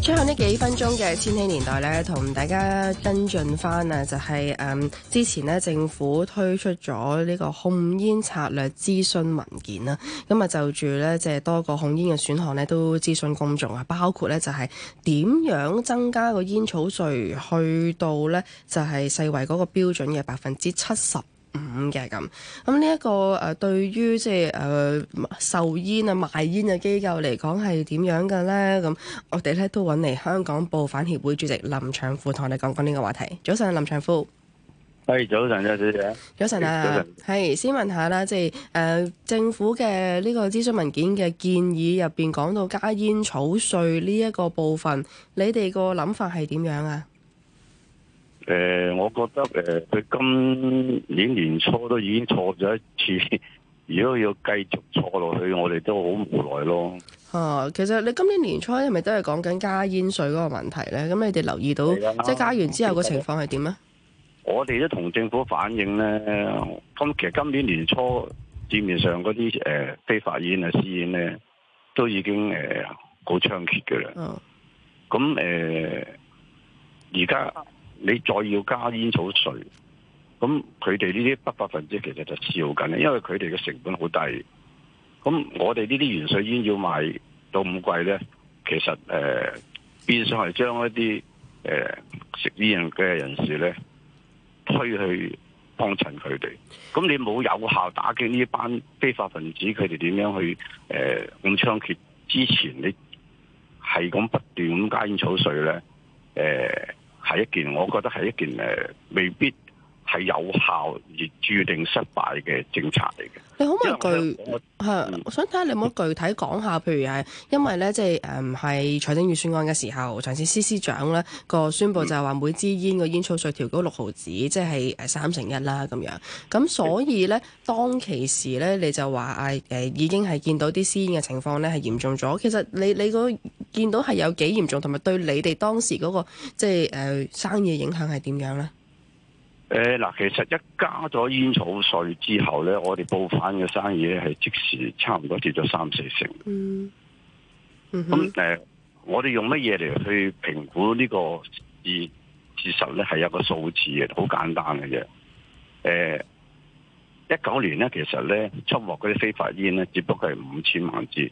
最後呢幾分鐘嘅千禧年代呢，同大家跟進翻啊，就係、是、誒、嗯、之前呢政府推出咗呢個控煙策略諮詢文件啦。咁啊就住呢，即、就、係、是、多個控煙嘅選項呢都諮詢公眾啊，包括呢就係、是、點樣增加個煙草稅去到呢，就係、是、世衞嗰個標準嘅百分之七十。五嘅咁，咁呢一個誒，對於即係誒售煙啊、賣煙嘅機構嚟講係點樣嘅咧？咁我哋咧都搵嚟香港報販協會主席林長富同我哋講講呢個話題。早晨，林長富。係早晨啊，小姐。早晨啊，係先問下啦，即係誒，政府嘅呢個諮詢文件嘅建議入邊講到加煙草稅呢一個部分，你哋個諗法係點樣啊？誒、呃，我覺得誒，佢，呃、今年年初都已經錯咗一次，如果要繼續錯落去，我哋都好無奈咯。吓、啊，其實你今年年初係咪都係講緊加煙稅嗰個問題咧？咁你哋留意到，即係加完之後個情況係點咧？啊、我哋都同政府反映咧，咁其實今年年初市面上嗰啲誒非法煙啊私煙咧，都已經誒好猖獗噶啦。嗯、呃。咁誒，而、啊、家。你再要加煙草稅，咁佢哋呢啲不法分子其實就笑緊，因為佢哋嘅成本好低。咁我哋呢啲鹽水煙要賣到咁貴呢，其實誒、呃、變相係將一啲誒、呃、食煙嘅人士呢推去幫襯佢哋。咁你冇有，有效打擊呢班非法分子，佢哋點樣去誒咁、呃、猖獗？之前你係咁不斷咁加煙草稅呢。誒、呃？係一件，我覺得係一件誒、呃，未必。係有效而注定失敗嘅政策嚟嘅。你可唔可以具係、嗯？我想睇下你有冇具體講下、嗯？譬如係因為咧，即係誒，係、嗯、財政預算案嘅時候，財政司司長咧、嗰個宣佈就係話每支煙個煙草稅調高六毫子，即係誒三成一啦咁樣。咁所以咧、嗯，當其時咧，你就話啊誒，已經係見到啲私煙嘅情況咧係嚴重咗。其實你你、嗰個見到係有幾嚴重，同埋對你哋當時嗰、嗰個即係誒生意嘅影響係點樣咧？誒，嗱，其實一加咗煙草稅之後咧，我哋報販嘅生意咧係即時差唔多跌咗三四成。嗯，咁、嗯、誒、呃，我哋用乜嘢嚟去評估呢個事事實咧？係有個數字嘅，好簡單嘅啫。誒、呃，一九年咧，其實咧出貨嗰啲非法煙咧，只不過係五千萬支，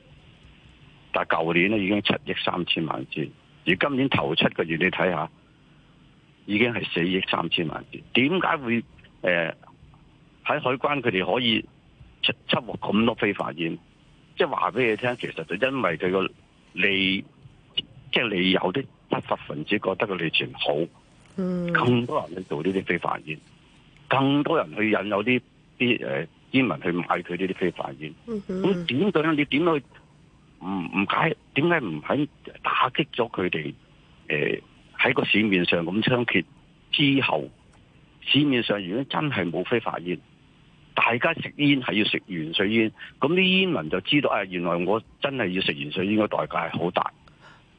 但係舊年咧已經七億三千萬支，而今年頭七個月你睇下。已經係四億三千萬支，點解會誒喺、呃、海關佢哋可以出執獲咁多非法煙？即係話俾你聽，其實就因為佢個利，即係你有啲不法分子覺得個利錢好，嗯，咁多人去做呢啲非法煙，更多人去引誘啲啲誒煙民去買佢呢啲非法煙。嗯哼，咁點對咧？你點去唔唔解？點解唔肯打擊咗佢哋誒？呃喺個市面上咁猖獗之後，市面上如果真係冇非法煙，大家食煙係要食完稅煙，咁啲煙民就知道，啊、哎、原來我真係要食完稅煙嘅代價係好大。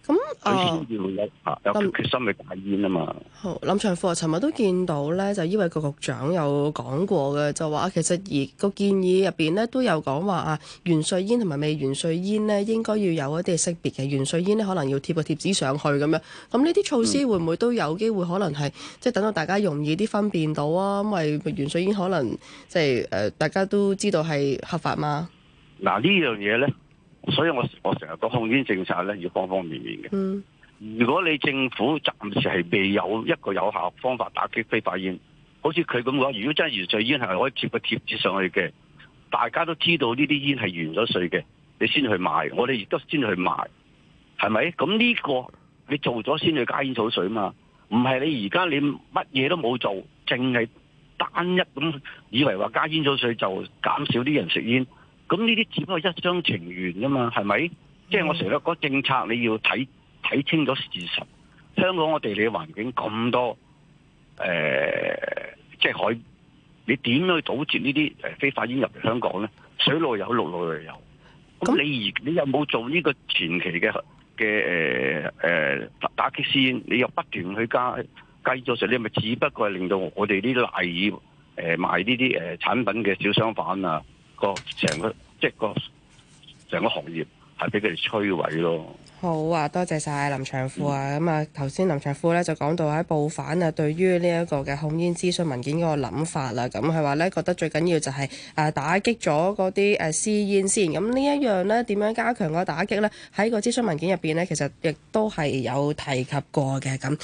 咁、嗯、啊，決心戒煙嘛？好，林長富啊，尋日都見到咧，就醫衛局局長有講過嘅，就話其實而個建議入邊咧都有講話啊，原稅煙同埋未原稅煙咧，應該要有一啲嘅識別嘅，原稅煙咧可能要貼個貼紙上去咁樣，咁呢啲措施會唔會都有機會可能係即係等到大家容易啲分辨到啊，因為原稅煙可能即係誒，大家都知道係合法嘛？嗱、啊，這個，呢樣嘢咧。所以我我成日講控煙政策咧要方方面面嘅、嗯。如果你政府暫時係未有一個有效方法打擊非法煙，好似佢咁講，如果真係完稅煙係可以貼個貼紙上去嘅，大家都知道呢啲煙係完咗稅嘅，你先去買，我哋亦都先去買，係咪？咁呢個你做咗先去加煙草稅嘛？唔係你而家你乜嘢都冇做，淨係單一咁以為話加煙草稅就減少啲人食煙。咁呢啲只不過一廂情願啫嘛，係咪？Mm -hmm. 即係我成日講政策，你要睇睇清楚事實。香港我地理環境咁多，誒即係海，你點去堵截呢啲誒非法煙入嚟香港咧？水路有，陸路又有。咁、mm -hmm. 你而你有冇做呢個前期嘅嘅誒誒打擊先？你又不斷去加計咗成，你咪只不過係令到我哋啲賴以誒賣呢啲誒產品嘅小商販啊？個成個即係成個行業係俾佢哋摧毀咯。好啊，多謝晒林長富啊。咁、嗯、啊，頭先林長富咧就講到喺報販啊，對於呢一個嘅控煙諮詢文件嗰個諗法啦。咁佢話咧覺得最緊要就係誒打擊咗嗰啲誒私煙先。咁呢一樣咧點樣加強個打擊咧？喺個諮詢文件入邊咧，其實亦都係有提及過嘅咁。